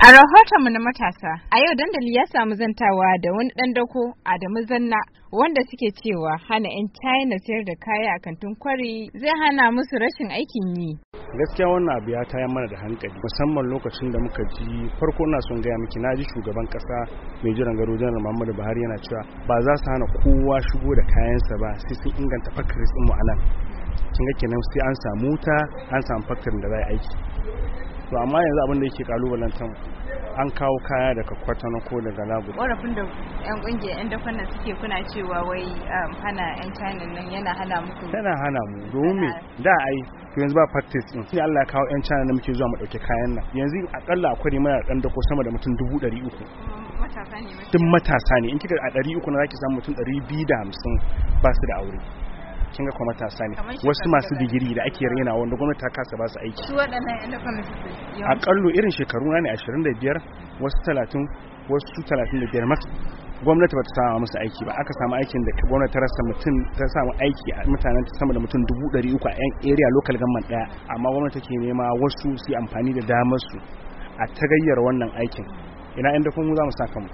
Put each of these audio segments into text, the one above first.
A rahoton mu na matasa, a yau dandali ya samu zantawa da wani ɗan dako Adamu Zanna wanda suke cewa hana 'yan China sayar da kaya a kantin kwari zai hana musu rashin aikin yi. Gaskiya wannan abu ya tayar mana da hankali musamman lokacin da muka ji farko na son gaya miki na ji shugaban kasa mai jiran gado janar Muhammadu Buhari yana cewa ba za su hana kowa shigo da kayansa ba sai sun inganta fakaris mu a nan. kin ga kenan sai an samu wuta an samu fakkarin da za a aiki to amma yanzu abin da yake kalubalantar an kawo kaya daga kwatano ko daga labu ƙorafin da yan ƙungiyar yan dafan nan suke kuna cewa wai um, hana yan china nan yana hana muku yana hana mu domin me da ai to yanzu ba practice din sai Allah ya kawo yan china nan muke zuwa mu dauke kayan nan yanzu akalla akwai mana dan da ko sama da mutum 300 matasa ne duk matasa ne in kika a 300 na zaki samu mutum 250 ba su da aure kin ga kuma ne wasu masu digiri da ake raina wanda gwamnati ta kasa ba su aiki su waɗannan a kallo irin shekaru na ne 25 wasu 30 wasu 35 masu gwamnati ba ta sama musu aiki ba aka samu aikin da gwamnati ta rasa mutum ta samu aiki a mutanen sama da mutum dubu ɗari uku a yan area local government ɗaya amma gwamnati take nema wasu su yi amfani da damar su a tagayyar wannan aikin ina inda kuma za mu sa kanmu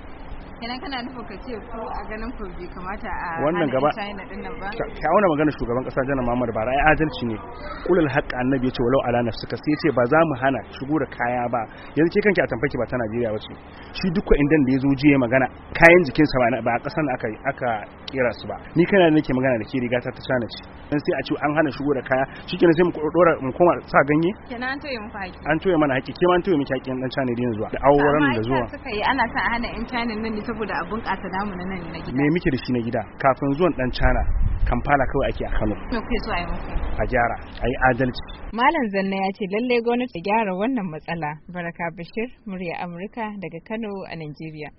kenan kana nufin ka ce ko a ganin ku bai kamata a wannan gaba auna magana shugaban kasa janar mamar bara ya adalci ne kulul haƙƙa annabi yace walau ala nafsika sai yace ba za mu hana shigo da kaya ba yanzu ke kanki a tamfaki ba ta Najeriya ba ce shi dukkan indan da yazo jiya magana kayan jikinsa ba ba a kasan aka aka kira su ba ni kana nake magana da ke riga ta ta cana ce dan sai a ce an hana shigo da kaya shikenan sai mu dora mu koma sa ganye kenan an toye mu haƙi an toye mana haƙi ke ma an toye miki haƙi dan cana da yanzu da auren da zuwa suka yi ana sa hana in canin nan ne saboda a ƙasa namu na nan na gida me muke da shi na gida kafin zuwan ɗan Cana Kampala kawai ake a Kano me kuke so a yi a gyara a yi adalci Malam Zanna ya ce lallai gwamnati ta gyara wannan matsala Baraka Bashir murya Amurka daga Kano a Najeriya